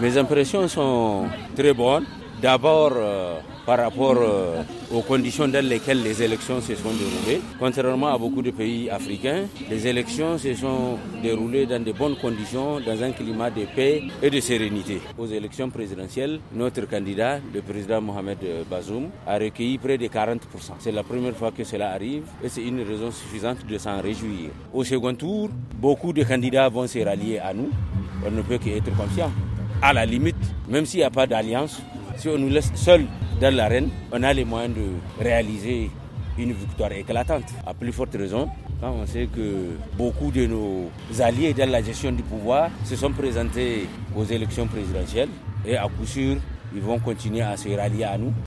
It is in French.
Mes impressions sont très bonnes. D'abord, euh, par rapport euh, aux conditions dans lesquelles les élections se sont déroulées. Contrairement à beaucoup de pays africains, les élections se sont déroulées dans de bonnes conditions, dans un climat de paix et de sérénité. Aux élections présidentielles, notre candidat, le président Mohamed euh, Bazoum, a recueilli près de 40%. C'est la première fois que cela arrive et c'est une raison suffisante de s'en réjouir. Au second tour, beaucoup de candidats vont se rallier à nous. On ne peut qu'être confiant à la limite, même s'il n'y a pas d'alliance, si on nous laisse seuls dans l'arène, on a les moyens de réaliser une victoire éclatante. À plus forte raison, quand on sait que beaucoup de nos alliés dans la gestion du pouvoir se sont présentés aux élections présidentielles et à coup sûr, ils vont continuer à se rallier à nous.